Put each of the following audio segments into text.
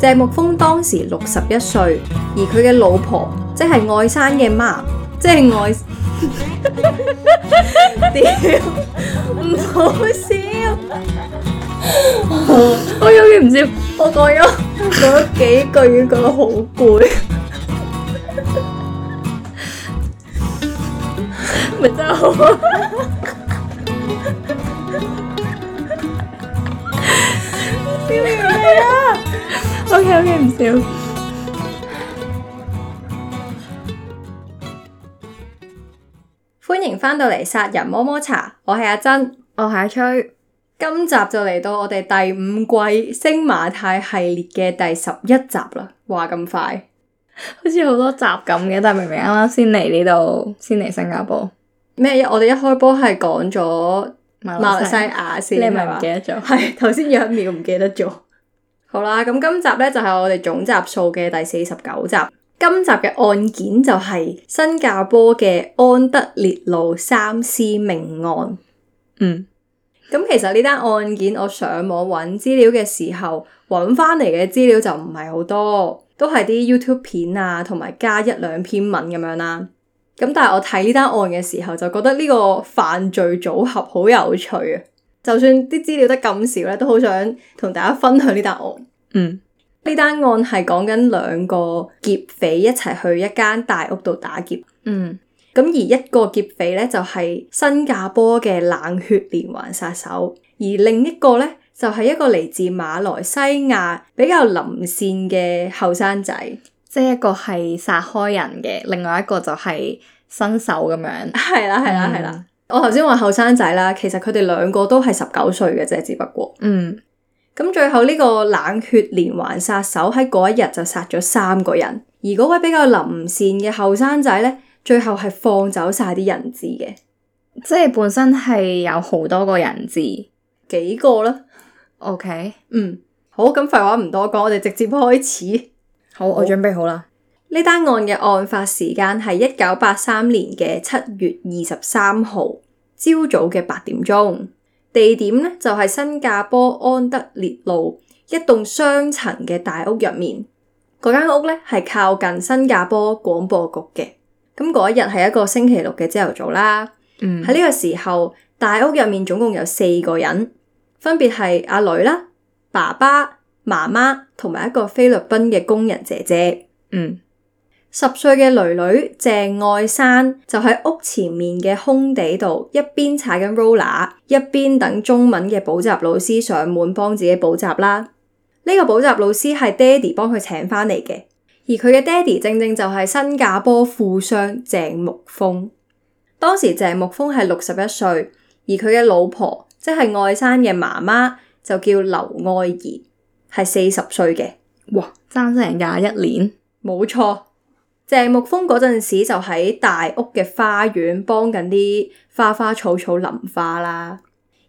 鄭木峰當時六十一歲，而佢嘅老婆即係外甥嘅媽，即係外。屌， 唔好笑。 我永遠唔知，我講咗講咗幾句，覺得累 好攰。咪真好 O K O K，唔笑。歡迎返到嚟《殺人摸摸茶》，我係阿珍，我係阿崔。今集就嚟到我哋第五季《星馬泰》系列嘅第十一集啦。話咁快， 好似好多集咁嘅，但係明明啱啱先嚟呢度，先嚟新加坡。咩？我哋一開波係講咗馬來西亞先，亞你係唔係唔記得咗？係頭先一秒唔記得咗。好啦，咁今集呢就係、是、我哋總集數嘅第四十九集。今集嘅案件就係新加坡嘅安德烈路三屍命案。嗯，咁、嗯、其實呢單案件我上網揾資料嘅時候，揾翻嚟嘅資料就唔係好多，都係啲 YouTube 片啊，同埋加一兩篇文咁樣啦、啊。咁但係我睇呢單案嘅時候，就覺得呢個犯罪組合好有趣啊。就算啲資料得咁少咧，都好想同大家分享呢單案。嗯，呢單案係講緊兩個劫匪一齊去一間大屋度打劫。嗯，咁而一個劫匪咧，就係新加坡嘅冷血連環殺手，而另一個咧，就係一個嚟自馬來西亞比較林善嘅後生仔，即係一個係殺開人嘅，另外一個就係新手咁樣。係、嗯、 啦，係啦，係啦。我頭先話後生仔啦，其實佢哋兩個都係十九歲嘅啫，只不過，嗯，咁最後呢個冷血連環殺手喺嗰一日就殺咗三個人，而嗰位比較臨善嘅後生仔咧，最後係放走晒啲人質嘅，即係本身係有好多個人質，幾個啦？OK，嗯，好，咁廢話唔多講，我哋直接開始，好，好我準備好啦。呢單案嘅案發時間係一九八三年嘅七月二十三號朝早嘅八點鐘，地點咧就係新加坡安德烈路一棟雙層嘅大屋入面。嗰間屋咧係靠近新加坡廣播局嘅。咁嗰一日係一個星期六嘅朝頭早啦。嗯，喺呢個時候，大屋入面總共有四個人，分別係阿女啦、爸爸、媽媽同埋一個菲律賓嘅工人姐姐。嗯。十歲嘅囡囡鄭愛珊就喺屋前面嘅空地度，一邊踩緊 roller，一邊等中文嘅補習老師上門幫自己補習啦。呢、這個補習老師係爹地幫佢請翻嚟嘅，而佢嘅爹地正正就係新加坡富商鄭木峰。當時鄭木峰係六十一歲，而佢嘅老婆，即係愛珊嘅媽媽，就叫劉愛儀，係四十歲嘅。哇，爭成廿一年，冇錯。謝木峰嗰陣時就喺大屋嘅花園幫緊啲花花草草淋花啦，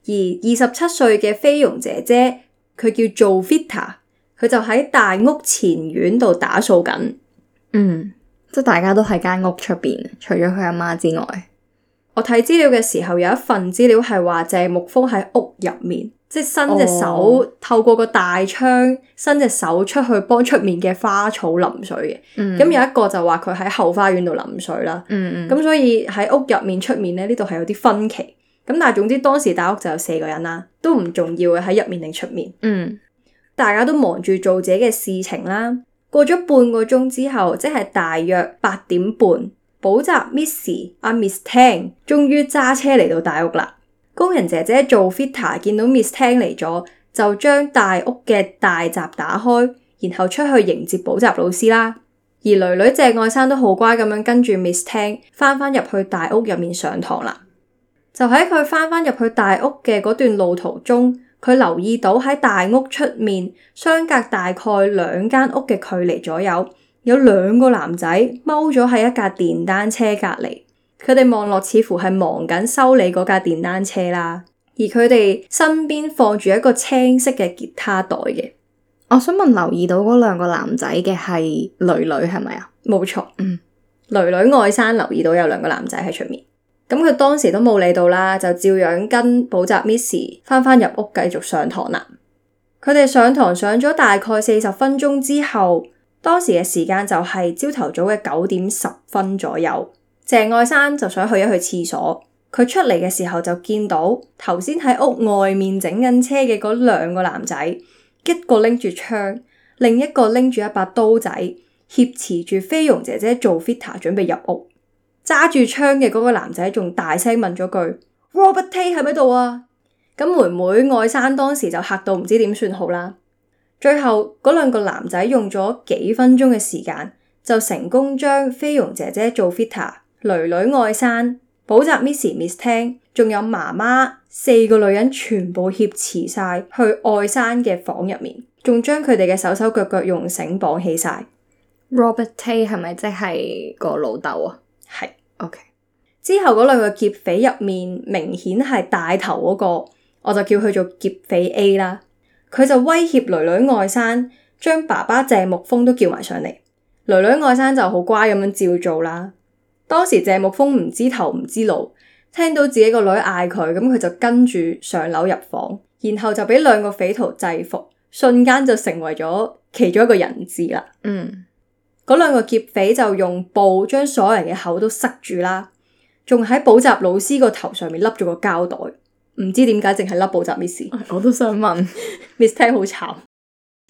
而二十七歲嘅菲傭姐姐佢叫做 Vita，佢就喺大屋前院度打掃緊。嗯，即係大家都喺間屋出邊，除咗佢阿媽之外。我睇資料嘅時候有一份資料係話謝木峰喺屋入面。即伸隻手，oh. 透過個大窗伸隻手出去幫出面嘅花草淋水嘅。咁、mm hmm. 有一個就話佢喺後花園度淋水啦。咁、mm hmm. 所以喺屋入面、出面咧，呢度係有啲分歧。咁但係總之當時大屋就有四個人啦，都唔重要嘅喺入面定出面。Mm hmm. 大家都忙住做自己嘅事情啦。過咗半個鐘之後，即係大約八點半，補習 Miss 阿、啊、Miss Tang 終於揸車嚟到大屋啦。工人姐姐做 fitter，見到 Miss Tang 嚟咗，就將大屋嘅大閘打開，然後出去迎接補習老師啦。而女女鄭愛生都好乖咁樣跟住 Miss Tang 翻翻入去大屋入面上堂啦。就喺佢翻翻入去大屋嘅嗰段路途中，佢留意到喺大屋出面相隔大概兩間屋嘅距離左右，有兩個男仔踎咗喺一架電單車隔離。佢哋望落似乎係忙緊修理嗰架電單車啦，而佢哋身邊放住一個青色嘅吉他袋嘅。我想問，留意到嗰兩個男仔嘅係女女係咪啊？冇錯，嗯，女女外甥留意到有兩個男仔喺出面，咁佢當時都冇理到啦，就照樣跟補習 Miss 翻翻入屋繼續上堂啦。佢哋上堂上咗大概四十分鐘之後，當時嘅時間就係朝頭早嘅九點十分左右。鄭愛山就想去一去廁所，佢出嚟嘅時候就見到頭先喺屋外面整緊車嘅嗰兩個男仔，一個拎住槍，另一個拎住一把刀仔挾持住菲傭姐姐做 fitter，準備入屋揸住槍嘅嗰個男仔仲大聲問咗句 Robert Tay 喺唔喺度啊？咁妹妹愛山當時就吓到唔知點算好啦。最後嗰兩個男仔用咗幾分鐘嘅時間就成功將菲傭姐姐做 fitter。囡囡外甥補習，Miss Miss 廳，仲有媽媽四個女人，全部挾持晒去外甥嘅房入面，仲將佢哋嘅手手腳腳用繩綁起晒。Robert Tay 係咪即係個老豆啊？係 OK 之後嗰兩個劫匪入面，明顯係大頭嗰、那個，我就叫佢做劫匪 A 啦。佢就威脅囡囡外甥，將爸爸謝木峰都叫埋上嚟。囡囡外甥就好乖咁樣照做啦。當時謝木峰唔知頭唔知路，聽到自己個女嗌佢，咁佢就跟住上樓入房，然後就俾兩個匪徒制服，瞬間就成為咗其中一個人質啦。嗰兩、嗯、個劫匪就用布將所有人嘅口都塞住啦，仲喺補習老師個頭上面笠咗個膠袋，唔知點解淨係笠補習 Miss，我都想問，Miss 聽好慘。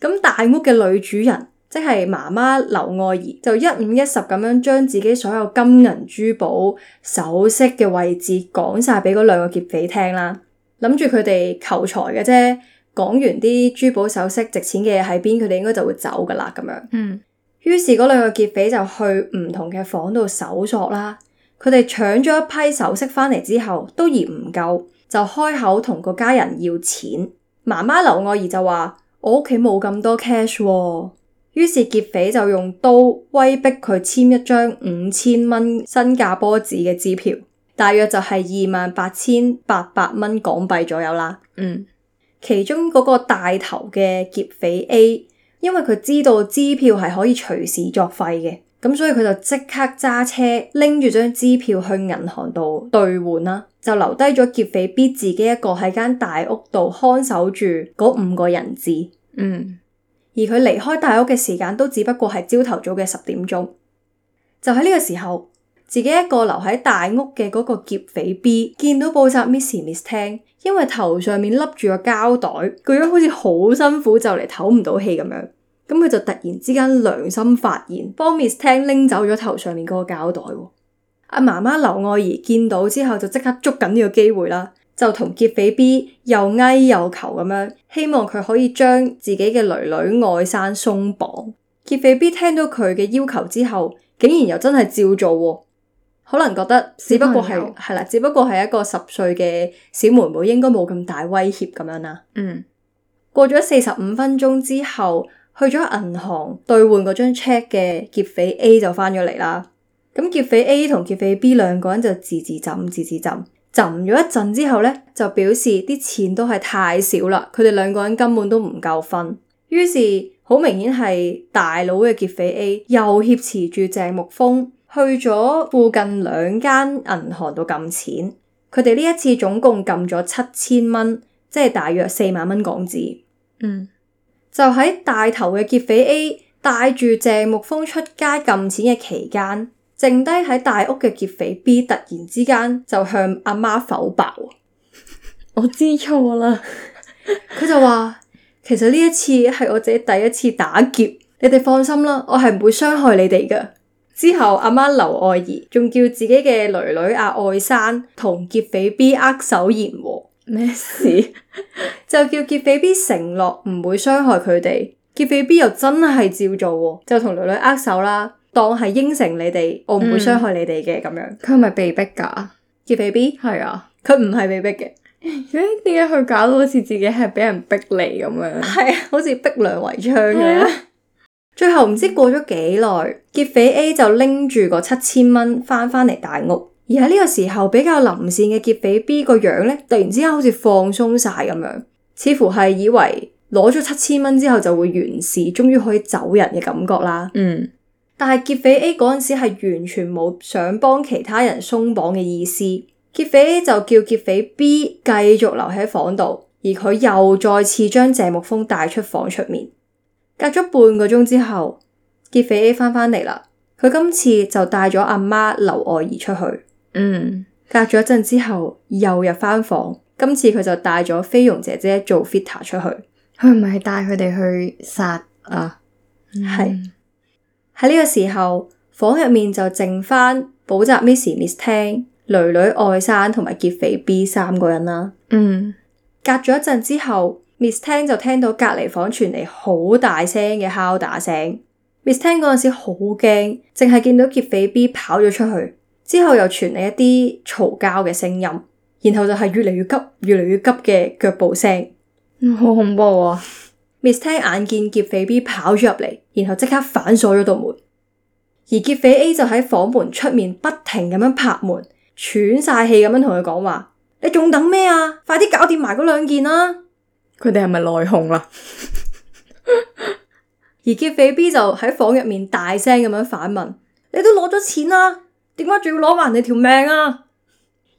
咁 大屋嘅女主人。即係媽媽劉愛兒就一五一十咁樣將自己所有金銀珠寶首飾嘅位置講晒俾嗰兩個劫匪聽啦。諗住佢哋求財嘅啫，講完啲珠寶首飾值錢嘅嘢，喺邊，佢哋應該就會走噶啦。咁樣，嗯，於是嗰兩個劫匪就去唔同嘅房度搜索啦。佢哋搶咗一批首飾翻嚟之後，都嫌唔夠，就開口同個家人要錢。媽媽劉愛兒就話：我屋企冇咁多 cash 喎。於是劫匪就用刀威逼佢簽一張五千蚊新加坡紙嘅支票，大約就係二萬八千八百蚊港幣左右啦。嗯，其中嗰個帶頭嘅劫匪 A，因為佢知道支票係可以隨時作廢嘅，咁所以佢就即刻揸車拎住張支票去銀行度兌換啦，就留低咗劫匪 B 自己一個喺間大屋度看守住嗰五個人質。嗯。而佢離開大屋嘅時間都只不過係朝頭早嘅十點鐘，就喺呢個時候，自己一個留喺大屋嘅嗰個劫匪 B 見到報雜 Miss Miss 聽，因為頭上面笠住個膠袋，個樣好似好辛苦就嚟唞唔到氣咁樣，咁佢就突然之間良心發現，幫 Miss 聽拎走咗頭上面嗰個膠袋。阿媽媽劉愛兒見到之後就即刻捉緊呢個機會啦。就同劫匪 B 又哀又求咁樣，希望佢可以將自己嘅女女外甥鬆綁。劫匪 B 聽到佢嘅要求之後，竟然又真係照做。可能覺得只不過係，係啦，只不過係一個十歲嘅小妹妹，應該冇咁大威脅咁樣啦。嗯，過咗四十五分鐘之後，去咗銀行兌換嗰張 check 嘅劫匪 A 就翻咗嚟啦。咁劫匪 A 同劫匪 B 兩個人就自自斟、自自斟。字字沉咗一陣之後呢，就表示啲錢都係太少啦，佢哋兩個人根本都唔夠分。於是好明顯係大佬嘅劫匪 A 又挾持住鄭木峰去咗附近兩間銀行度撳錢。佢哋呢一次總共撳咗七千蚊，即係大約四萬蚊港紙。嗯，就喺大頭嘅劫匪 A 帶住鄭木峰出街撳錢嘅期間。剩低喺大屋嘅劫匪 B 突然之間就向阿媽，媽否爆，我知錯啦。佢 就話：，其實呢一次係我自己第一次打劫，你哋放心啦，我係唔會傷害你哋噶。之後阿媽，媽劉愛兒仲叫自己嘅女女阿愛珊，同劫匪 B 握手言和，咩事？ 就叫劫匪 B 承諾唔會傷害佢哋，劫匪 B 又真係照做喎，就同女女握手啦。當係應承你哋，我唔會傷害你哋嘅咁樣。佢係咪被逼噶劫匪 B？係啊，佢唔係被逼嘅。誒，點解佢搞到好似自己係俾人逼嚟咁樣？係啊，好似逼良為娼嘅。啊、最後唔知過咗幾耐，劫匪 A 就拎住個七千蚊翻翻嚟大屋，而喺呢個時候比較臨線嘅劫匪 B 個樣咧，突然之間好似放鬆晒咁樣，似乎係以為攞咗七千蚊之後就會完事，終於可以走人嘅感覺啦。嗯。但係劫匪 A 嗰陣時係完全冇想幫其他人鬆綁嘅意思，劫匪 A 就叫劫匪 B 繼續留喺房度，而佢又再次將謝木峰帶出房出面。隔咗半個鐘之後，劫匪 A 翻返嚟啦，佢今次就帶咗阿媽劉愛兒出去。嗯，隔咗一陣之後又入翻房，今次佢就帶咗菲傭姐姐做 fitter 出去。佢唔係帶佢哋去殺啊？係、啊。嗯喺呢個時候，房入面就剩翻補習 Miss Miss 聽、女女外甥同埋劫匪 B 三個人啦。嗯，隔咗一陣之後，Miss 聽就聽到隔籬房傳嚟好大聲嘅敲打聲。Miss 聽嗰陣時好驚，淨係見到劫匪 B 跑咗出去，之後又傳嚟一啲嘈交嘅聲音，然後就係越嚟越急、越嚟越急嘅腳步聲。好恐怖啊！Mister 眼見劫匪 B 跑咗入嚟，然後即刻反鎖咗道門。而劫匪 A 就喺房門出面不停咁樣拍門，喘晒氣咁樣同佢講話：你仲等咩啊？快啲搞掂埋嗰兩件啦、啊！佢哋係咪內訌啦？ 而劫匪 B 就喺房入面大聲咁樣反問：你都攞咗錢啦、啊，點解仲要攞埋人哋條命啊？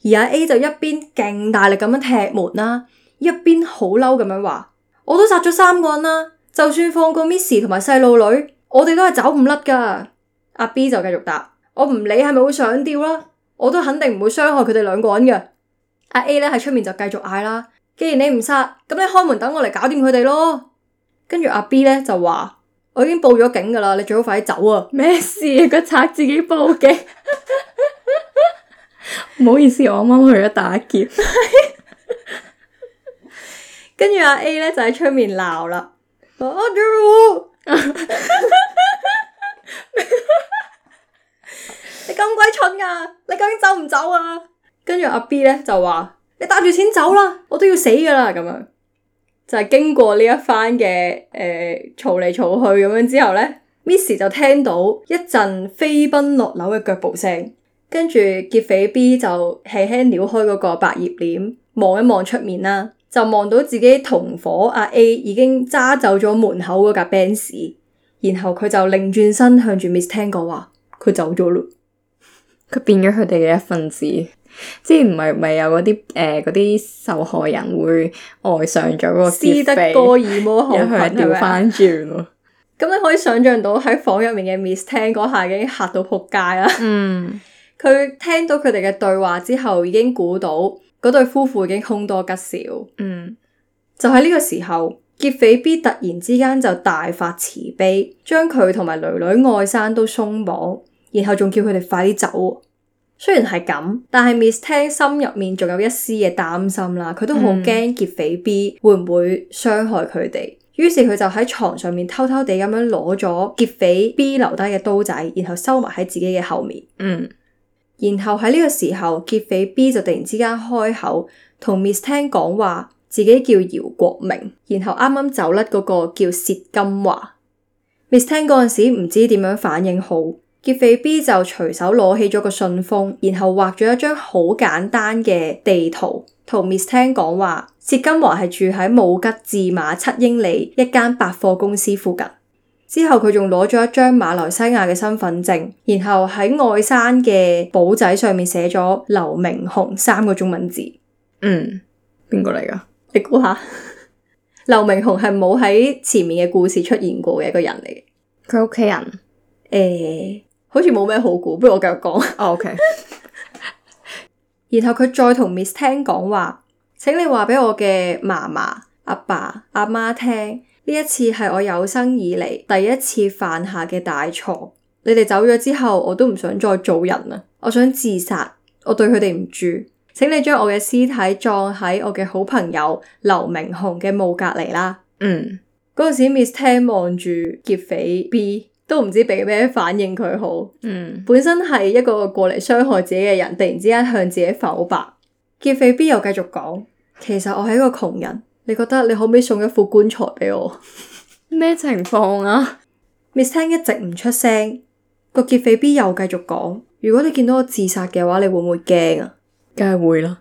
而阿 A 就一邊勁大力咁樣踢門啦，一邊好嬲咁樣話。我都殺咗三個人啦，就算放過 Miss 同埋細路女，我哋都係走唔甩噶。阿 B 就繼續答：我唔理係咪會上吊啦，我都肯定唔會傷害佢哋兩個人嘅。阿 A 咧喺出面就繼續嗌啦：既然你唔殺，咁你開門等我嚟搞掂佢哋咯。跟住阿 B 咧就話：我已經報咗警噶啦，你最好快啲走啊！咩事？個賊自己報警，唔好意思，我啱啱去咗打劫。 跟住阿 A 咧就喺出面鬧啦，你咁鬼蠢噶！你究竟走唔走啊？跟住阿 B 咧就話：你帶住錢走啦，我都要死噶啦！咁樣就係、是、經過呢一番嘅誒嘈嚟嘈去咁樣之後咧，Miss 就聽到一陣飛奔落樓嘅腳步聲，跟住劫匪 B 就輕輕撩開嗰個百葉簾，望一望出面啦。就望到自己同伙阿 A 已經揸走咗門口嗰架奔馳，然後佢就擰轉身向住 Miss 聽講話，佢走咗咯，佢變咗佢哋嘅一份子。之前唔係咪有嗰啲誒啲受害人會愛上咗個斯德哥爾摩案，一係調翻轉咯。咁你可以想象到喺房入面嘅 Miss 聽嗰下已經嚇到撲街啦。嗯，佢聽到佢哋嘅對話之後，已經估到，嗰對夫婦已經凶多吉少，嗯，就喺呢個時候，劫匪 B 突然之間就大發慈悲，將佢同埋女女外甥都鬆綁，然後仲叫佢哋快啲走。雖然係咁，但係 Miss Tan 心入面仲有一絲嘅擔心啦，佢都好驚劫匪 B 會唔會傷害佢哋，於、嗯、是佢就喺床上面偷偷地咁樣攞咗劫匪 B 留低嘅刀仔，然後收埋喺自己嘅後面，嗯。然後喺呢個時候，劫匪 B 就突然之間開口同 Miss Tang 講話，自己叫饒國明，然後啱啱走甩嗰個叫薛金華。Miss Tang 嗰陣時唔知點樣反應好，劫匪 B 就隨手攞起咗個信封，然後畫咗一張好簡單嘅地圖，同 Miss Tang 講話，薛金華係住喺武吉知馬七英里一間百貨公司附近。之後佢仲攞咗一張馬來西亞嘅身份證，然後喺外山嘅簿仔上面寫咗劉明雄三個中文字。嗯，邊個嚟噶？你估猜下？劉 明雄係冇喺前面嘅故事出現過嘅一個人嚟。佢屋企人誒、欸，好似冇咩好估，不如我繼續講。OK。然後佢再同 Miss Tan 講話，請你話俾我嘅嫲嫲、阿爸、爸、阿媽聽。呢一次係我有生以嚟第一次犯下嘅大錯。你哋走咗之後，我都唔想再做人啦，我想自殺。我對佢哋唔住，請你將我嘅屍體葬喺我嘅好朋友劉明雄嘅墓隔籬啦。嗯，嗰陣時 Miss Tan 望住劫匪 B，都唔知俾咩反應佢好。嗯，本身係一個過嚟傷害自己嘅人，突然之間向自己剖白。劫匪 B 又繼續講：其實我係一個窮人。你覺得你可唔可以送一副棺材畀我咩 情況啊？Miss Tang 一直唔出聲，個劫匪 B 又繼續講：如果你見到我自殺嘅話，你會唔會驚啊？梗係會啦。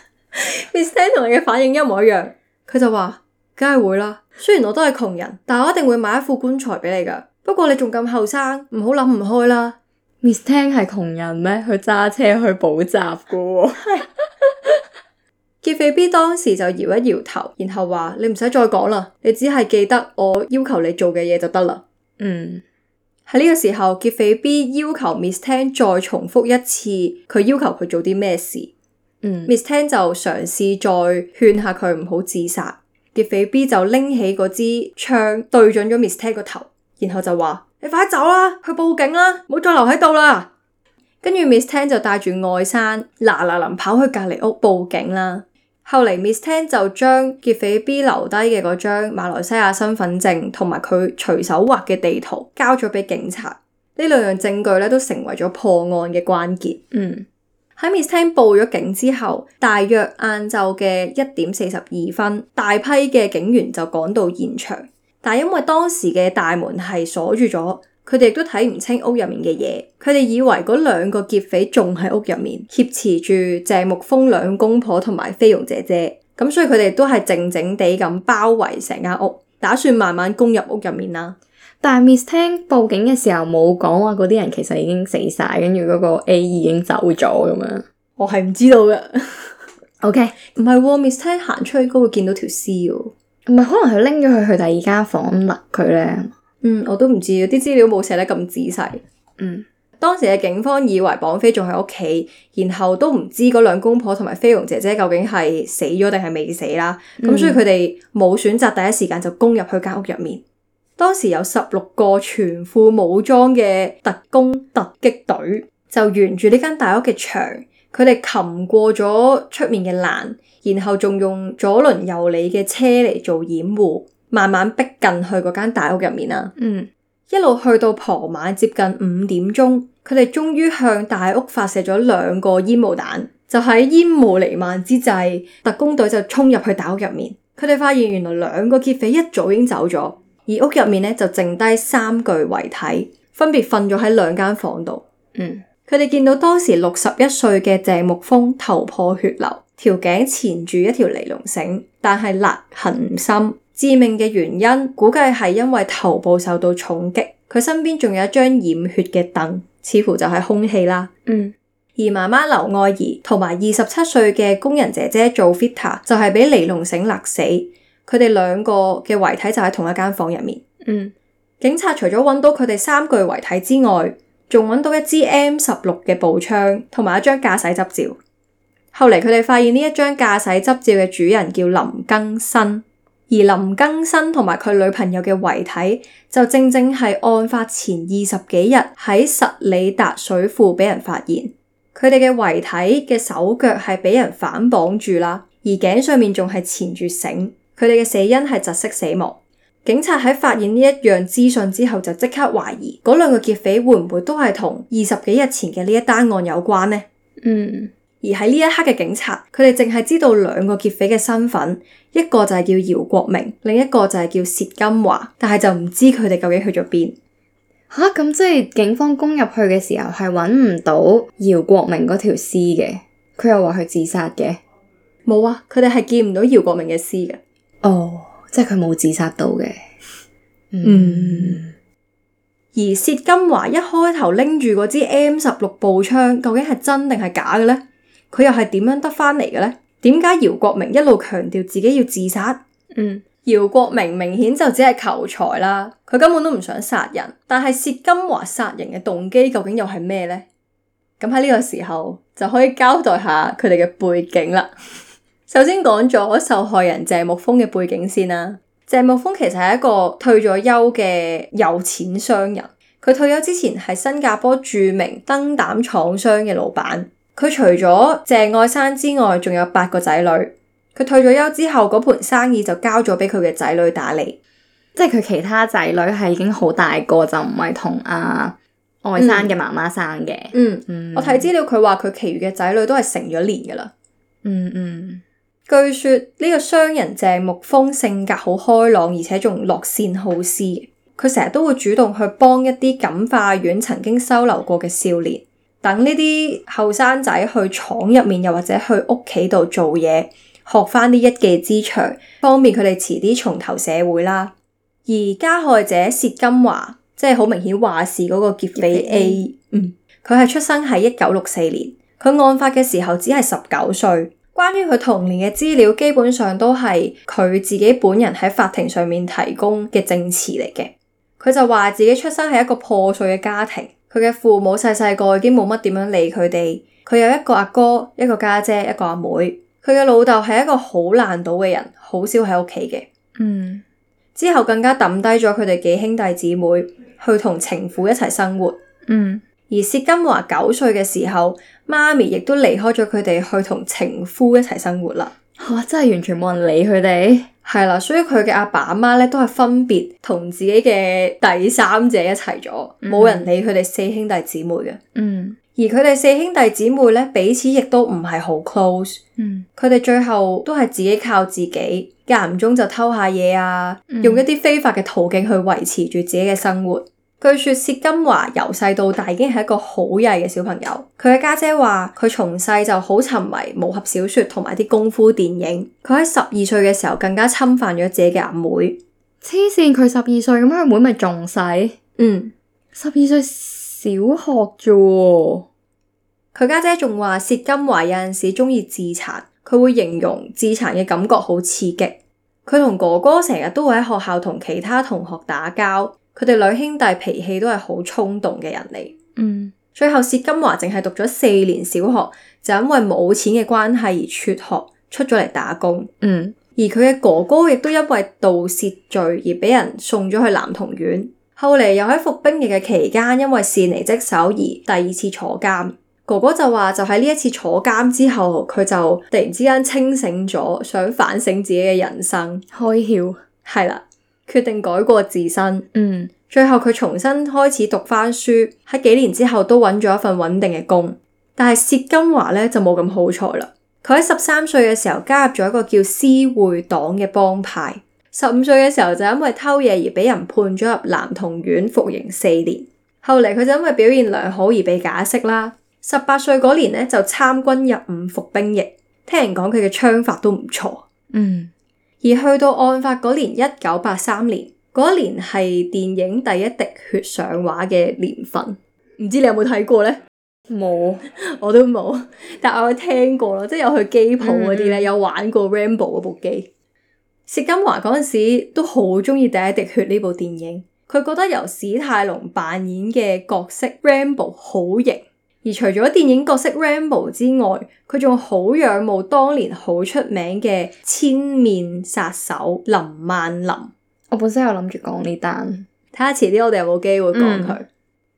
Miss Tang 同你嘅反應一模一樣，佢 就話：梗係會啦。雖然我都係窮人，但我一定會買一副棺材畀你噶。不過你仲咁後生，唔好諗唔開啦。 Miss Tang 係窮人咩？佢揸車去補習噶。 劫匪 B 當時就搖一搖頭，然後話：你唔使再講啦，你只係記得我要求你做嘅嘢就得啦。嗯，喺呢個時候，劫匪 B 要求 Miss Tan 再重複一次佢要求佢做啲咩事。嗯、Miss Tan 就嘗試再勸下佢唔好自殺。劫匪 B 就拎起嗰支槍對準咗 Miss Tan 個頭，然後就話：你快走啦，啊，去報警啦，唔好再留喺度啦。跟住 Miss Tan 就帶住外甥嗱嗱臨跑去隔籬屋報警啦。後嚟，Miss Ten 就將劫匪 B 留低嘅嗰張馬來西亞身份證同埋佢隨手畫嘅地圖交咗俾警察，呢兩樣證據都成為咗破案嘅關鍵。嗯，喺 Miss Ten 報咗警之後，大約晏晝嘅一點四十二分，大批嘅警員就趕到現場，但因為當時嘅大門係鎖住咗。佢哋亦都睇唔清屋入面嘅嘢，佢哋以為嗰兩個劫匪仲喺屋入面挾持住謝木峰兩公婆同埋菲傭姐姐，咁所以佢哋都係靜靜地咁包圍成間屋，打算慢慢攻入屋入面啦。但係 Miss Tang 報警嘅時候冇講話嗰啲人其實已經死晒，跟住嗰個 A 已經走咗咁樣。我係唔知道㗎。O K，唔係，Miss Tang 行出去都會見到條屍㗎，唔係可能係拎咗佢去第二間房揦佢咧。嗯，我都唔知啊，啲資料冇寫得咁仔細。嗯，當時嘅警方以為綁匪仲喺屋企，然後都唔知嗰兩公婆同埋菲傭姐姐究竟係死咗定係未死咁、嗯、所以佢哋冇選擇第一時間就攻入去間屋入面。當時有十六個全副武裝嘅特工突擊隊，就沿住呢間大屋嘅牆，佢哋擒過咗出面嘅欄，然後仲用左輪右李嘅車嚟做掩護。慢慢逼近去嗰間大屋入面啦，嗯，一路去到傍晚接近五點鐘，佢哋終於向大屋發射咗兩個煙霧彈，就喺煙霧彌漫之際，特工隊就衝入去大屋入面。佢哋發現原來兩個劫匪一早已經走咗，而屋入面咧就剩低三具遺體，分別瞓咗喺兩間房度。嗯，佢哋見到當時六十一歲嘅鄭木峰頭破血流，條頸纏住一條尼龍繩，但係勒痕唔深。致命嘅原因估計係因為頭部受到重擊。佢身邊仲有一張染血嘅凳，似乎就係凶器啦。嗯，而媽媽劉愛兒同埋二十七歲嘅工人姐姐做 Fita 就係俾尼龍繩勒死。佢哋兩個嘅遺體就喺同一間房入面。嗯，警察除咗搵到佢哋三具遺體之外，仲搵到一支 M 十六嘅步槍同埋一張駕駛執照。後嚟佢哋發現呢一張駕駛執照嘅主人叫林更生。而林更新同埋佢女朋友嘅遺體就正正係案發前二十幾日喺實里達水庫俾人發現，佢哋嘅遺體嘅手腳係俾人反綁住啦，而頸上面仲係纏住繩，佢哋嘅死因係窒息死亡。警察喺發現呢一樣資訊之後，就即刻懷疑嗰兩個劫匪會唔會都係同二十幾日前嘅呢一單案有關呢？嗯。而喺呢一刻嘅警察，佢哋淨係知道兩個劫匪嘅身份，一個就係叫饒國明，另一個就係叫薛金華。但係就唔知佢哋究竟去咗邊。吓？咁即係警方攻入去嘅時候，係揾唔到饒國明嗰條屍嘅。佢又話佢自殺嘅，冇啊！佢哋係見唔到饒國明嘅屍嘅。哦，即係佢冇自殺到嘅。嗯。而薛金華一開頭拎住嗰支 M 十六步槍，究竟係真定係假嘅呢？佢又係點樣得返嚟嘅呢？點解饒國明一路強調自己要自殺？嗯，饒國明明顯就只係求財啦，佢根本都唔想殺人。但係薛金華殺人嘅動機究竟又係咩呢？咁喺呢個時候就可以交代下佢哋嘅背景啦。 首先講咗受害人謝慕峰嘅背景先啦。謝慕峰其實係一個退咗休嘅有錢商人，佢退休之前係新加坡著名燈膽廠商嘅老闆。佢除咗鄭愛山之外，仲有八個仔女。佢退咗休之後，嗰盤生意就交咗俾佢嘅仔女打理。即係佢其他仔女係已經好大個，就唔係同阿愛山嘅媽媽生嘅。嗯嗯，我睇資料，佢話佢其餘嘅仔女都係成咗年噶啦。嗯嗯，據說呢、這個商人鄭木峰性格好開朗，而且仲樂善好施。佢成日都會主動去幫一啲感化院曾經收留過嘅少年。等呢啲後生仔去廠入面，又或者去屋企度做嘢，學返啲一技之長，方便佢哋遲啲重頭社會啦。而加害者薛金華，即係好明顯話事嗰個劫匪 A、啊、嗯，佢係出生喺一九六四年，佢案發嘅時候只係十九歲。關於佢童年嘅資料，基本上都係佢自己本人喺法庭上面提供嘅證詞嚟嘅。佢就話自己出生喺一個破碎嘅家庭。佢嘅父母細細個已經冇乜點樣理佢哋，佢有一個阿哥，哥、一個家姐，姐、一個阿妹，妹。佢嘅老豆係一個好難倒嘅人，好少喺屋企嘅。嗯，之後更加抌低咗佢哋幾兄弟姊妹去同情婦一齊生活。嗯，而薛金華九歲嘅時候，媽咪亦都離開咗佢哋去同情夫一齊生活啦。哇！真係完全冇人理佢哋，係啦， 所以佢嘅阿爸阿媽咧都係分別同自己嘅第三者一齊咗，冇、嗯、人理佢哋四兄弟姊妹嘅。嗯，而佢哋四兄弟姊妹咧彼此亦都唔係好 close。嗯，佢哋最後都係自己靠自己，間唔中就偷下嘢啊，嗯、用一啲非法嘅途徑去維持住自己嘅生活。據說薛金華由細到大已經係一個好曳嘅小朋友。佢嘅家姐話佢從細就好沉迷武俠小說同埋啲功夫電影。佢喺十二歲嘅時候更加侵犯咗自己嘅阿妹、妹。黐線，佢十二歲，咁佢妹咪仲細？嗯，十二歲小學啫。佢家姐仲話薛金華有陣時鍾意自殘，佢會形容自殘嘅感覺好刺激。佢同哥哥成日都會喺學校同其他同學打交。佢哋兩兄弟脾氣都係好衝動嘅人嚟。嗯，最後薛金華淨係讀咗四年小學，就因為冇錢嘅關係而輟學，出咗嚟打工，嗯，而佢嘅哥哥亦都因為盜竊罪而俾人送咗去南童院，後嚟又喺服兵役嘅期間，因為擅離職守而第二次坐監，哥哥就話就喺呢一次坐監之後，佢就突然之間清醒咗，想反省自己嘅人生，開竅， 係啦。決定改過自新，嗯，最後佢重新開始讀翻書，喺幾年之後都揾咗一份穩定嘅工。但係薛金華咧就冇咁好彩啦，佢喺十三歲嘅時候加入咗一個叫私會黨嘅幫派，十五歲嘅時候就因為偷嘢而俾人判咗入男童院服刑四年。後嚟，佢就因為表現良好而被假釋啦。十八歲嗰年咧就參軍入伍服兵役，聽人講佢嘅槍法都唔錯，嗯。而去到案發嗰年，一九八三年嗰一年係電影第一滴血上畫嘅年份，唔知你有冇睇過咧？冇有， 我都冇，但係我聽過咯，即係有去機鋪嗰啲咧， 有玩過 Rambo 嗰部機。薛金華嗰陣時都好中意第一滴血呢部電影，佢覺得由史泰龍扮演嘅角色 Rambo 好型。而除咗電影角色 Rambo 之外，佢仲好仰慕當年好出名嘅千面殺手林萬林。我本身有諗住講呢單，睇下遲啲我哋有冇機會講佢。嗯、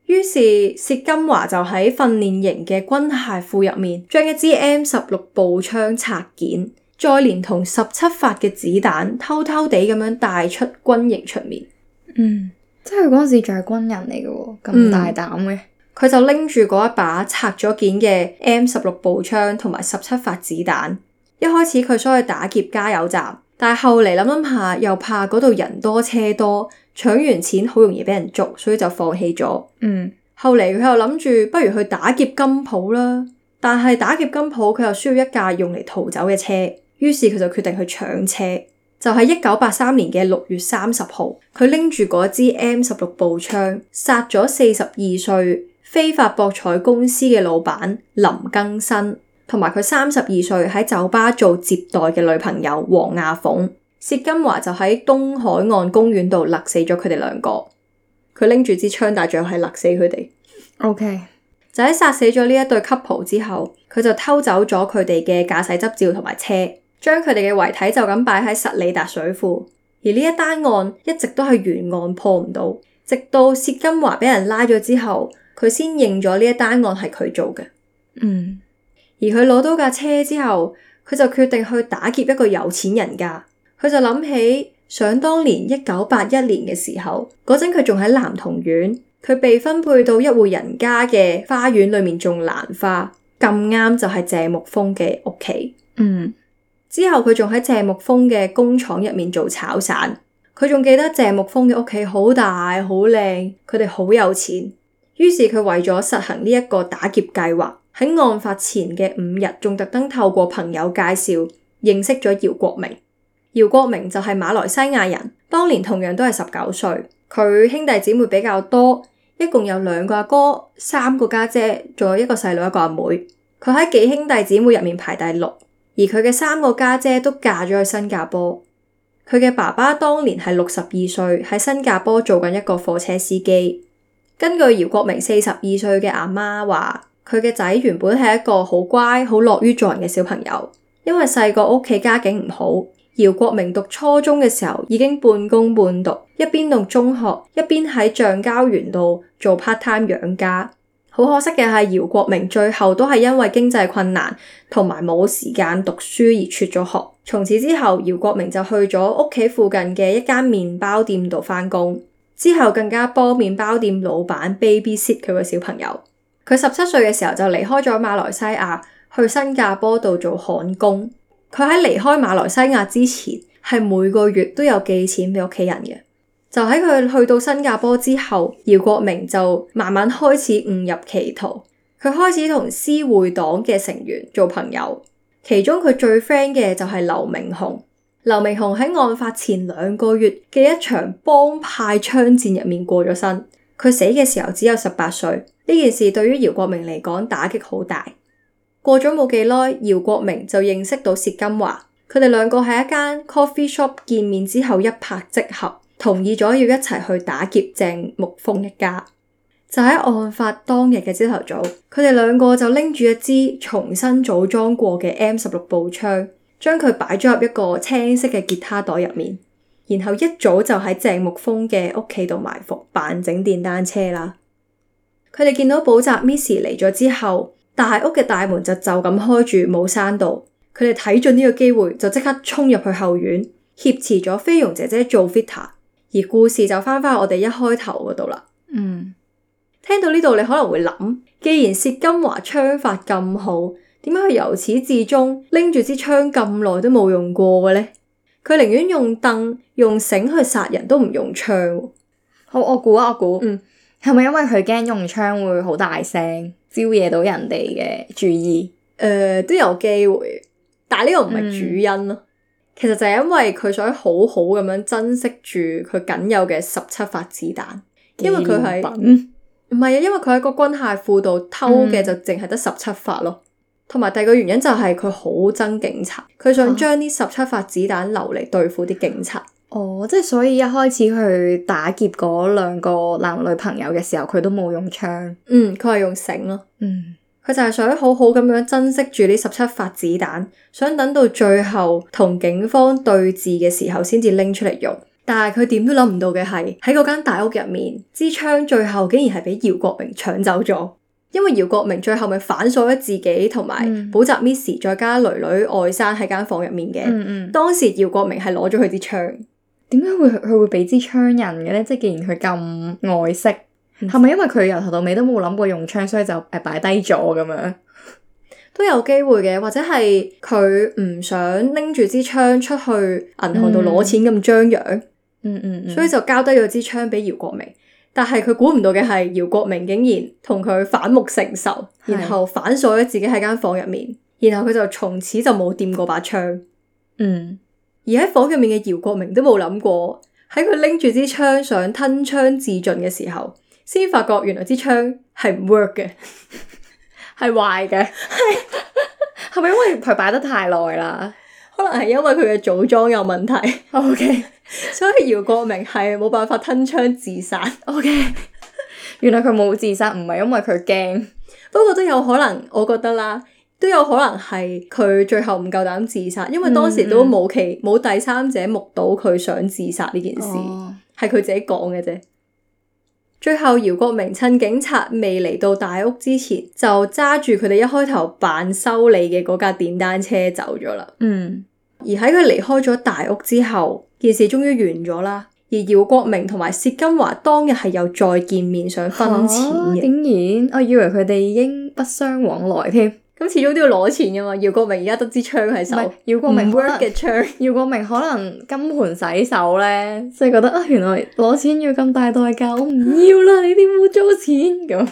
於是薛金華就喺訓練營嘅軍械庫入面，將一支 M 十六步槍拆件，再連同十七發嘅子彈，偷偷地咁樣帶出軍營出面。嗯，即係佢嗰陣時就係軍人嚟嘅，咁大膽嘅。嗯佢就拎住嗰一把拆咗件嘅 M 十六步槍同埋十七發子彈。一開始佢想去打劫加油站，但係後嚟，諗諗下又怕嗰度人多車多，搶完錢好容易俾人捉，所以就放棄咗。嗯，後嚟佢又諗住不如去打劫金鋪啦，但係打劫金鋪佢又需要一架用嚟逃走嘅車，於是佢就決定去搶車。就喺一九八三年嘅六月三十號，佢拎住嗰支 M 十六步槍，殺咗四十二歲。非法博彩公司嘅老闆林更新，同埋佢三十二歲喺酒吧做接待嘅女朋友黃亞鳳，薛金華就喺東海岸公園度勒死咗佢哋兩個。佢拎住支槍，但係仲係勒死佢哋。O.K. 就喺殺死咗呢一對 couple 之後，佢就偷走咗佢哋嘅駕駛執照同埋車，將佢哋嘅遺體就咁擺喺實里達水庫。而呢一單案一直都係懸案破唔到，直到薛金華俾人拉咗之後。佢先認咗呢一單案係佢做嘅，嗯。而佢攞到架車之後，佢就決定去打劫一個有錢人家。佢就諗起，想當年一九八一年嘅時候，嗰陣佢仲喺男童院，佢被分配到一戶人家嘅花園裏面種蘭花，咁啱就係謝木峰嘅屋企，嗯。之後佢仲喺謝木峰嘅工廠入面做炒散，佢仲記得謝木峰嘅屋企好大好靚，佢哋好有錢。於是佢為咗實行呢一個打劫計劃，喺案發前嘅五日，仲特登透過朋友介紹認識咗饒國明。饒國明就係馬來西亞人，當年同樣都係十九歲。佢兄弟姐妹比較多，一共有兩個阿哥、三個家姐，仲有一個細佬、一個阿妹。佢喺幾兄弟姐妹入面排第六，而佢嘅三個家姐都嫁咗去新加坡。佢嘅爸爸當年係六十二歲，喺新加坡做緊一個貨車司機。根據饒國明四十二歲嘅阿媽話，佢嘅仔原本係一個好乖、好樂於助人嘅小朋友。因為細個屋企家境唔好，饒國明讀初中嘅時候已經半工半讀，一邊讀中學，一邊喺橡膠園度做 part time 養家。好可惜嘅係，饒國明最後都係因為經濟困難同埋冇時間讀書而輟咗學。從此之後，饒國明就去咗屋企附近嘅一間麵包店度返工。之後更加幫麵包店老闆 baby sit 佢個小朋友。佢十七歲嘅時候就離開咗馬來西亞，去新加坡度做焊工。佢喺離開馬來西亞之前，係每個月都有寄錢俾屋企人嘅。就喺佢去到新加坡之後，饒國明就慢慢開始誤入歧途。佢開始同私會黨嘅成員做朋友，其中佢最 friend 嘅就係劉明雄。劉明雄喺案發前兩個月嘅一場幫派槍戰入面過咗身，佢死嘅時候只有十八歲。呢件事對於饒國明嚟講打擊好大。過咗冇幾耐，饒國明就認識到薛金華，佢哋兩個喺一間 coffee shop 見面之後一拍即合，同意咗要一齊去打劫鄭木峰一家。就喺案發當日嘅朝頭早上，佢哋兩個就拎住一支重新組裝過嘅 M 十六步槍。將佢擺咗入一個青色嘅吉他袋入面，然後一早就喺鄭木峰嘅屋企度埋伏，扮整電單車啦。佢哋 見到補習 Miss 嚟咗之後，大屋嘅大門就就咁開住冇閂到，佢哋睇準呢個機會就即刻衝入去後院，挾持咗菲傭姐姐做 fit 而故事就翻翻我哋一開頭嗰度啦。嗯，聽到呢度你可能會諗，既然薛金華槍法咁好。點解佢由始至終拎住支槍咁耐都冇用過嘅咧？佢寧願用凳、用繩去殺人都唔用槍，啊。好、我我估啊，我估，嗯，係咪因為佢驚用槍會好大聲招惹到人哋嘅注意？誒、呃，都有機會，但係呢個唔係主因咯，啊。嗯、其實就係因為佢想好好咁樣珍惜住佢僅有嘅十七發子彈，因為佢係唔係啊？因為佢喺個軍械庫度偷嘅、嗯、就淨係得十七發咯。同埋第二個原因就係佢好憎警察，佢想將呢十七發子彈留嚟對付啲警察。哦，即係所以一開始去打劫嗰兩個男女朋友嘅時候，佢都冇用槍。嗯，佢係用繩咯。嗯，佢就係想好好咁樣珍惜住呢十七發子彈，想等到最後同警方對峙嘅時候先至拎出嚟用。但係佢點都諗唔到嘅係，喺嗰間大屋入面，支槍最後竟然係俾饒國明搶走咗。因為饒國明最後咪反鎖咗自己同埋補習 Missie、嗯、再加女女外甥喺間房入面嘅。嗯嗯、當時饒國明係攞咗佢支槍，點解會佢會俾支槍人嘅咧？即係既然佢咁愛惜，係咪、嗯、因為佢由頭到尾都冇諗過用槍，所以就誒擺低咗咁樣？都有機會嘅，或者係佢唔想拎住支槍出去銀行度攞錢咁張揚。嗯嗯，嗯嗯嗯所以就交低咗支槍俾饒國明。但係佢估唔到嘅係，饒國明竟然同佢反目成仇，的然後反鎖咗自己喺間房入面，然後佢就從此就冇掂過把槍。嗯，而喺房入面嘅饒國明都冇諗過，喺佢拎住支槍想吞槍自盡嘅時候，先發覺原來支槍係唔 work 嘅，係 壞嘅的，係 咪因為佢擺得太耐啦？可能係因為佢嘅組裝有問題。O K。 所以饒國明係冇辦法吞槍自殺，O.K.， 原來佢冇自殺，唔係因為佢驚， 不過都有可能，我覺得啦，都有可能係佢最後唔夠膽自殺，因為當時都冇其冇、嗯、第三者目睹佢想自殺呢件事，係佢、哦、自己講嘅啫。最後饒國明趁警察未嚟到大屋之前，就揸住佢哋一開頭扮修理嘅嗰架電單車走咗啦。嗯，而喺佢離開咗大屋之後。件事終於完咗啦。而饒國明同埋薛金華當日係又再見面，想分錢嘅。竟、啊、然我以為佢哋已經不相往來添。咁始終都要攞錢噶嘛。饒國明而家得支槍喺手，是饒國郭明嘅槍。 饒國明可能金盆洗手咧，即係 覺得啊，原來攞錢要咁大代價，我唔要啦， 你啲污糟錢咁。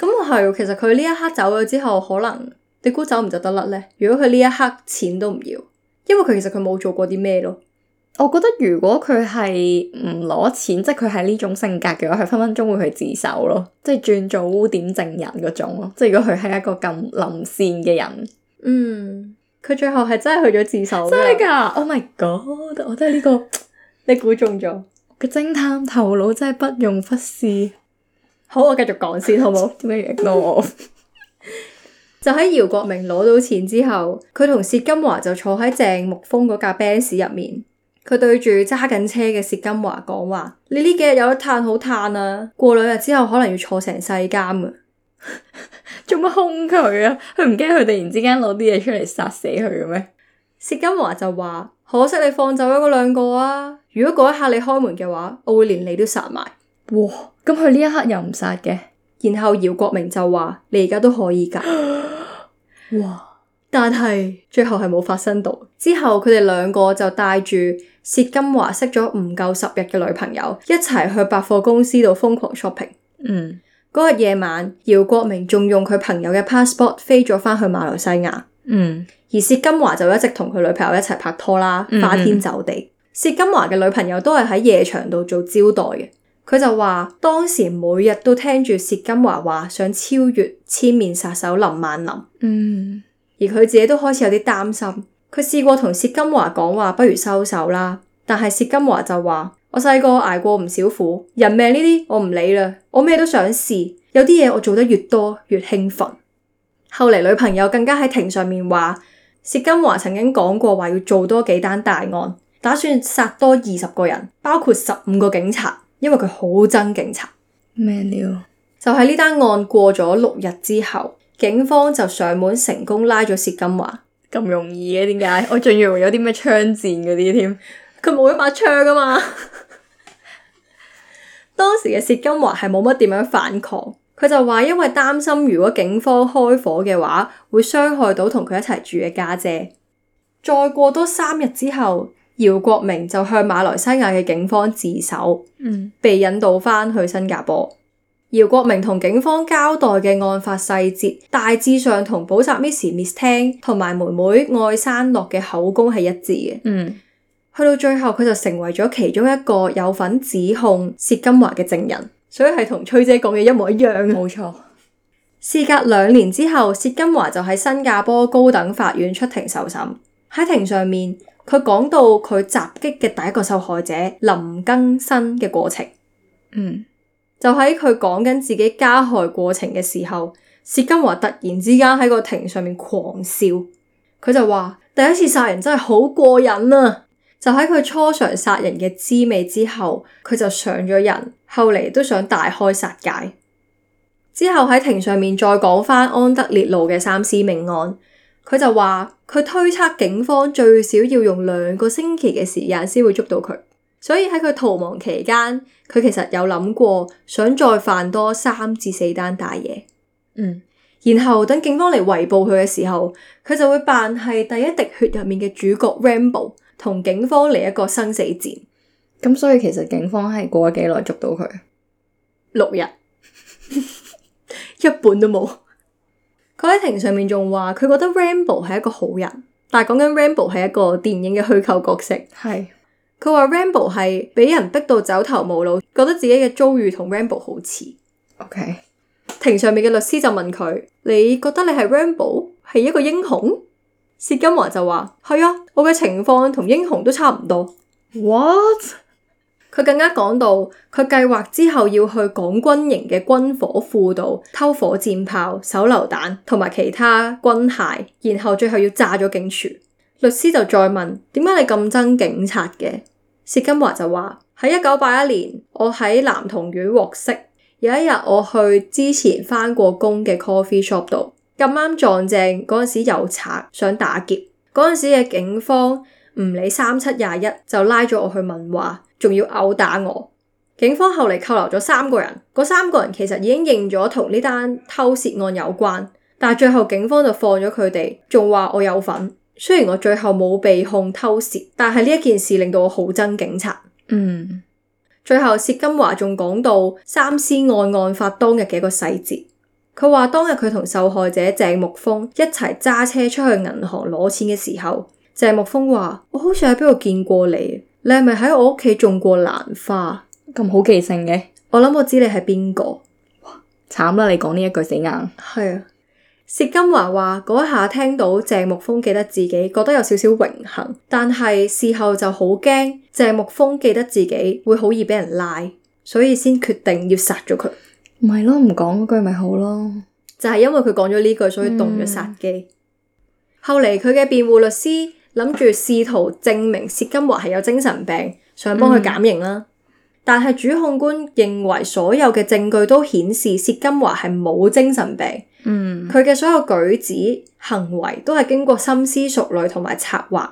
咁啊係，其實佢呢一刻走咗之後，可能你估走唔走得甩咧？如果佢呢一刻錢都唔要，因為佢其實佢冇做過啲咩咯。我覺得如果佢係唔攞錢，即係佢係呢種性格嘅話，佢分分鐘會去自首咯，即係轉做污點證人嗰種人、嗯、咯。即係如果佢係一個咁林善嘅人，嗯，佢最後係真係去咗自首，真係㗎！Oh my god！我真係呢個 你估中咗，個偵探頭腦真係不容忽視。 好，我繼續講先，好冇？好？點解認到我？就喺饒國明攞到錢之後，佢同薛金華就坐喺鄭木峰嗰架巴士入面。佢對住揸緊車嘅薛金華講話：你呢幾日有得嘆好嘆啊！過兩日之後可能要坐成世監噶，做乜兇佢啊？佢唔驚佢突然之間攞啲嘢出嚟殺死佢嘅咩？ 薛金華就話：可惜你放走咗嗰兩個啊！如果嗰一刻你開門嘅話，我會連你都殺埋。哇！咁佢呢一刻又唔殺嘅，然後饒國明就話：你而家都可以噶。 哇！但係最後係冇發生到之後，佢哋兩個就帶住薛金華識咗唔夠十日嘅女朋友一齊去百貨公司度瘋狂 shopping。嗯，嗰日夜晚，饒國明仲用佢朋友嘅 passport 飛咗翻去馬來西亞。嗯，而薛金華就一直同佢女朋友一齊拍拖啦，花天酒地。嗯、薛金華嘅女朋友都係喺夜場度做招待嘅。佢就話當時每日都聽住薛金華話想超越千面殺手林萬林。嗯。而佢自己都開始有啲擔心，佢試過同薛金華講話，不如收手啦。但係薛金華就話：我細個捱過唔少苦，人命呢啲我唔理啦，我咩都想試。有啲嘢，我做得越多越興奮。後嚟女朋友更加喺庭上面話，薛金華曾經講過話要做多幾單大案，打算殺多二十個人，包括十五個警察，因為佢好憎警察。咩料？就喺呢單案過咗六日之後。警方就上門成功拉咗薛金華，咁容易嘅、啊？點解？ 我仲以為有啲咩槍戰嗰啲添，佢冇一把槍噶嘛。 當時嘅薛金華係冇乜點樣反抗，佢就話因為擔心如果警方開火嘅話，會傷害到同佢一齊住嘅家姐，姐。再過多三日之後，饒國明就向馬來西亞嘅警方自首，嗯、被引渡翻去新加坡。饒國明同警方交代嘅案發細節，大致上同補習 Miss Miss Tang 同埋妹妹愛山諾嘅口供係一致嘅。嗯，去到最後佢就成為咗其中一個有份指控薛金華嘅證人，所以係同崔姐講嘢一模一樣。冇錯。事隔兩年之後，薛金華就喺新加坡高等法院出庭受審。喺庭上面，佢講到佢襲擊嘅第一個受害者林更新嘅過程。嗯。就喺佢講緊自己加害過程嘅時候，薛金華突然之間喺個庭上面狂笑，佢就話第一次殺人真係好過癮啊！就喺佢初嘗殺人嘅滋味之後，佢就上咗人，後嚟都想大開殺戒。之後喺庭上面再講翻安德烈路嘅三屍命案，佢就話佢推測警方最少要用兩個星期嘅時間先會捉到佢，所以喺佢逃亡期間，佢其實有諗過，想再犯多三至四單大嘢，嗯，然後等警方嚟圍捕佢嘅時候，佢就會扮係第一滴血入面嘅主角 Rambo 同警方嚟一個生死戰。咁所以其實警方係過咗幾耐捉到佢？六日， 一本都冇。佢喺庭上面仲話佢覺得 Rambo 係一個好人，但係講緊 Rambo 係一個電影嘅虛構角色，係。佢話 Rambo 係畀人逼到走投無路，覺得自己嘅遭遇同 Rambo 好似。O.K. 庭上面嘅律師就問佢，你覺得你係 Rambo 係一個英雄？薛金華就話，係啊，我嘅情況同英雄都差唔多。What？佢更加講到，佢計劃之後要去港軍營嘅軍火庫度偷火箭炮、手榴彈同埋其他軍械，然後最後要炸咗警署。律師就再問：點解你咁憎警察嘅？薛金華就話喺一九八一年，我喺男童院獲釋。有一日，我去之前返過工嘅 coffee shop 度，咁啱撞正嗰陣時有賊想打劫。嗰陣時嘅警方唔理三七廿一，就拉咗我去問話，仲要毆打我。警方後嚟扣留咗三個人，嗰三個人其實已經認咗同呢單偷竊案有關，但最後警方就放咗佢哋，仲話我有份。雖然我最後冇被控偷竊，但係呢件事令到我好憎警察。嗯，最後薛金華仲講到三屍案案發當日嘅一個細節，佢話當日佢同受害者鄭木峰一齊揸車出去銀行攞錢嘅時候，鄭木峰話：我好似喺邊度見過你，你係咪喺我屋企種過蘭花？咁好記性嘅，我諗我知道你係邊個。慘啦，你講呢一句死硬。係啊。薛金華話：嗰一下聽到鄭木峰記得自己，覺得有少少榮幸，但係事後就好驚鄭木峰記得自己會好易俾人拉，所以先決定要殺咗佢。唔係咯，唔講嗰句咪好咯，就係因為佢講咗呢句，所以動咗殺機。嗯、後嚟佢嘅辯護律師諗住試圖證明薛金華係有精神病，想幫佢減刑啦。嗯、但係主控官認為所有嘅證據都顯示薛金華係冇精神病。嗯，佢嘅所有舉止行為都係經過深思熟慮同埋策劃，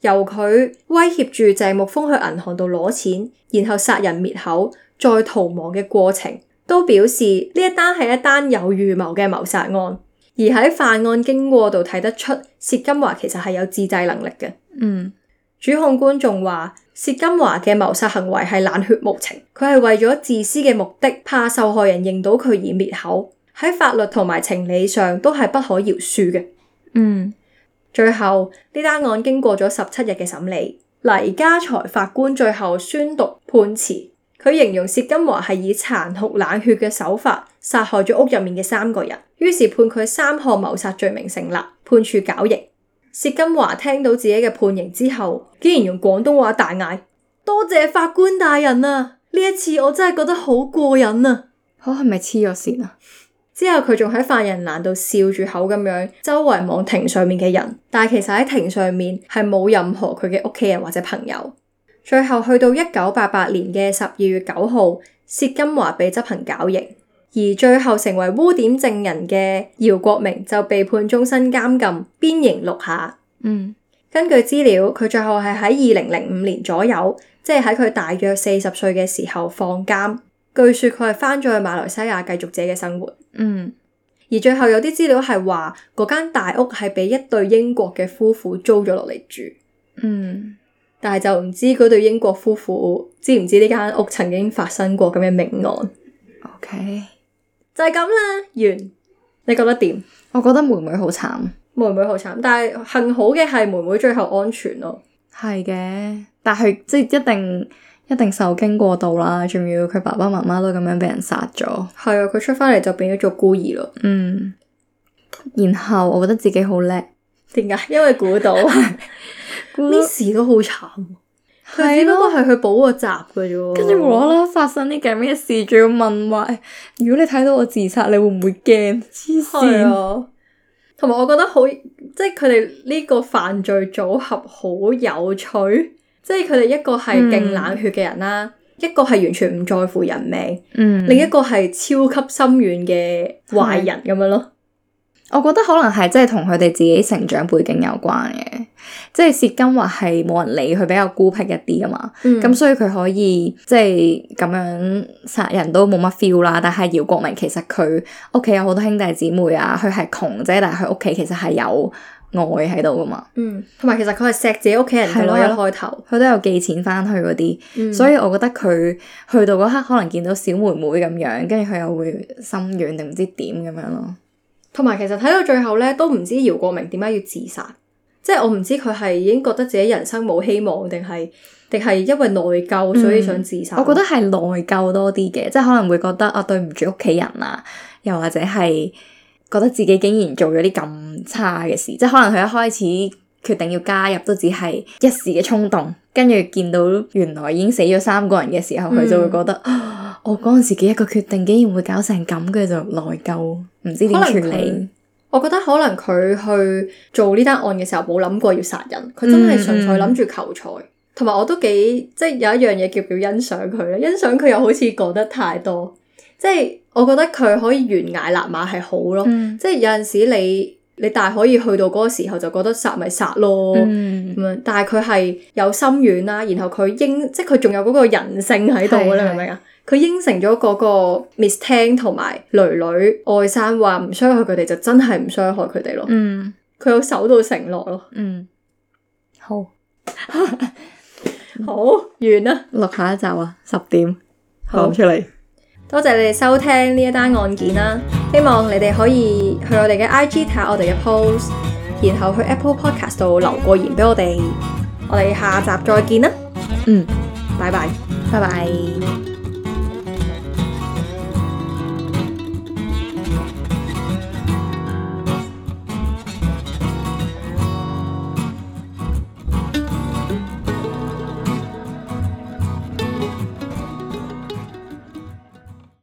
由佢威脅住鄭木峰去銀行度攞錢，然後殺人滅口，再逃亡嘅過程，都表示呢一單係一單有預謀嘅謀殺案。而喺犯案經過度睇得出，薛金華其實係有自制能力嘅。嗯，主控官仲話薛金華嘅謀殺行為係冷血無情，佢係為咗自私嘅目的，怕受害人認到佢而滅口。喺法律同埋情理上都係不可饒恕嘅。嗯，最後呢單案經過咗十七日嘅審理，黎家財法官最後宣讀判詞，佢形容薛金華係以殘酷冷血嘅手法殺害咗屋入面嘅三個人，於是判佢三項謀殺罪名成立，判處絞刑。薛金華聽到自己嘅判刑之後，竟然用廣東話大嗌： 多謝法官大人啊！呢一次我真係覺得好過癮啊！可係咪黐咗線啊？之後佢仲喺犯人欄度笑住口咁樣，周圍望庭上面嘅人，但其實喺庭上面係冇任何佢嘅屋企人或者朋友。最後去到一九八八年嘅十二月九號，薛金華被執行絞刑，而最後成為污點證人嘅饒國明就被判終身監禁，鞭刑六下。嗯，根據資料，佢最後係喺二零零五年左右，即係喺佢大約四十歲嘅時候放監。據說佢係返咗去馬來西亞繼續自己嘅生活。嗯，而最後有啲資料係話嗰間大屋係畀一對英國嘅夫婦租咗落嚟住，嗯，但係就唔知嗰對英國夫婦知唔知呢間屋曾經發生過咁嘅命案。OK，就係咁啦，完，你覺得點？我覺得妹妹好慘，妹妹好慘，但係幸好嘅係妹妹最後安全咯，係嘅，但係即係一定。一定受驚過度啦，仲要佢爸爸媽媽都咁樣被人殺咗。係啊，佢出翻嚟就變咗做孤兒咯。嗯，然後我覺得自己好叻，點解？因為估到呢 i 都好慘，佢的只不過係去補個習嘅啫。跟住、嗯、我啦，發生呢件嘅事，仲要問話。如果你睇到我自殺，你會唔會驚？黐線。同埋的我覺得好，即係佢哋呢個犯罪組合好有趣。即係佢哋一個係勁冷血嘅人啦，嗯、一個係完全唔在乎人命，嗯、另一個係超級心軟嘅壞人咁的樣咯。我覺得可能係即係同佢哋自己成長背景有關嘅,即係薛金華係冇人理佢，比較孤僻一啲啊嘛。咁、嗯、所以佢可以即係咁樣殺人都冇乜 feel 啦。但係饒國明其實佢屋企有好多兄弟姊妹啊，佢係窮啫，但係佢屋企其實係有。愛喺度噶嘛？嗯，同埋其實佢係錫自己屋企人係咯，一開頭佢的、啊、都有寄錢翻去嗰啲，嗯、所以我覺得佢去到嗰刻可能見到小妹妹咁樣，跟住佢又會心軟定唔知點咁樣咯。同埋其實睇到最後咧，都唔知饒國明點解要自殺，即係我唔知佢係已經覺得自己人生冇希望，定係定係因為內疚所以想自殺，嗯。我覺得係內疚多啲嘅，即係可能會覺得啊，對唔住屋企人啊，又或者係。覺得自己竟然做咗啲咁差嘅事，即係可能佢一開始決定要加入都只係一時嘅衝動，跟住見到原來已經死咗三個人嘅時候，佢、嗯、就會覺得、啊、我嗰陣時嘅一個決定竟然會搞成咁嘅，就內疚，唔知點處理。我覺得可能佢去做呢單案嘅時候冇諗過要殺人，佢真係純粹諗住求財。同埋、嗯嗯、我都幾即係有一樣嘢叫要欣賞佢咧，欣賞佢又好似講得太多，即係。我覺得佢可以懸崖勒馬係好咯，嗯、即係有陣時你你大可以去到嗰個時候就覺得殺咪殺咯咁、嗯、樣，但係佢係有心軟啦，然後佢應即係佢仲有嗰個人性喺度你明唔明啊？佢應承咗嗰個 Miss Tang 同埋雷女外甥話唔傷害佢哋，就真係唔傷害佢哋咯。嗯，佢有守到承諾咯。嗯，好， 好完啦，落下一集啊，十點，好，出嚟好。多謝你哋收聽呢一單案件啦，啊，希望你哋可以去我哋嘅 IG 睇下我哋嘅 post，然後去 Apple Podcast 度留個言畀我哋，我哋下集再見啦，嗯，拜拜，拜拜。